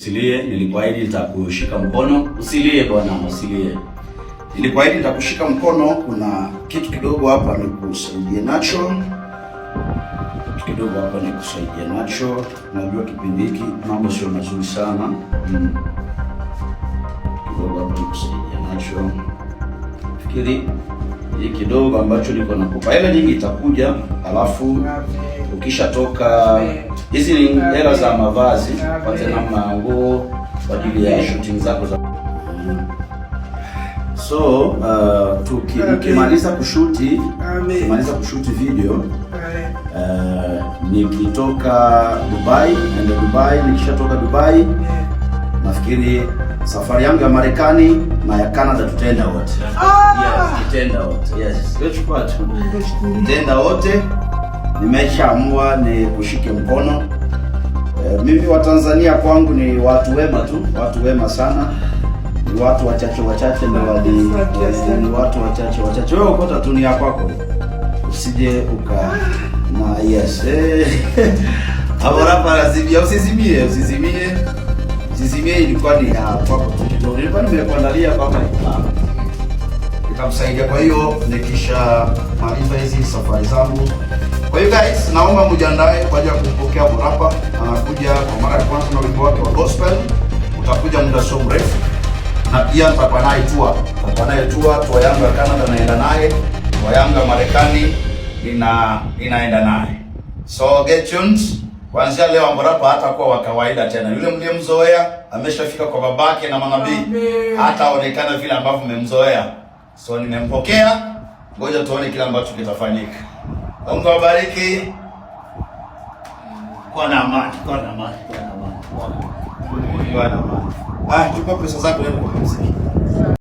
Usilie, nilikuahidi nitakushika mkono. Usilie bwana, usilie. Nilikuahidi nitakushika mkono. Kuna kitu kidogo hapa nikusaidie nacho, kitu kidogo hapa nikusaidie nacho. Najua kipindi hiki mambo sio mazuri sana hmm. Kidogo hapa nikusaidie nacho, fikiri hii kidogo ambacho niko nakupa, ile nyingi itakuja, alafu ukishatoka Hizi ni hela za mavazi, kwanza namna nguo kwa ajili ya shooting zako za so uh, tukimaliza kushuti kimaliza kushuti video uh, nikitoka Dubai nende Dubai, nikishatoka Dubai nafikiri safari yangu ya Marekani na ya Canada tutaenda wote. Ah! Yes, tutaenda wote. Yes. Tutenda wote nimeshaamua ni kushike mkono e, mimi Watanzania kwangu ni watu wema tu, watu wema sana, ni watu wachache wachache, eh, ni watu wachache wachache. Wewe ukota tunia kwako, usije uka na yes aborapa lazimia, usizimie, usizimie, usizimie, ilikuwa ni kwako, nilikuwa nimekuandalia kwako nikamsaidia. Kwa hiyo maliza hizi safari zangu, kwa hiyo guys, naomba mjiandae kwa ajili ya kumpokea Borapa. Anakuja kwa mara ya kwanza na wimbo wake wa gospel utakuja muda sio mrefu, na pia nitakuwa naye tua nitakuwa naye tour, tour yangu ya Canada naenda naye, tour yangu ya Marekani ina inaenda naye, so get tuned. Kuanzia leo Amborapa hatakuwa wa kawaida tena. Yule mliyemzoea ameshafika kwa babake na manabii, hataonekana vile ambavyo mmemzoea. So nimempokea, ngoja tuone kile ambacho kitafanyika. Mungu awabariki. Kwa na amani, kwa na amani, kwa na amani. Kwa na amani. ah, tupa pesa zako leo kwa muziki.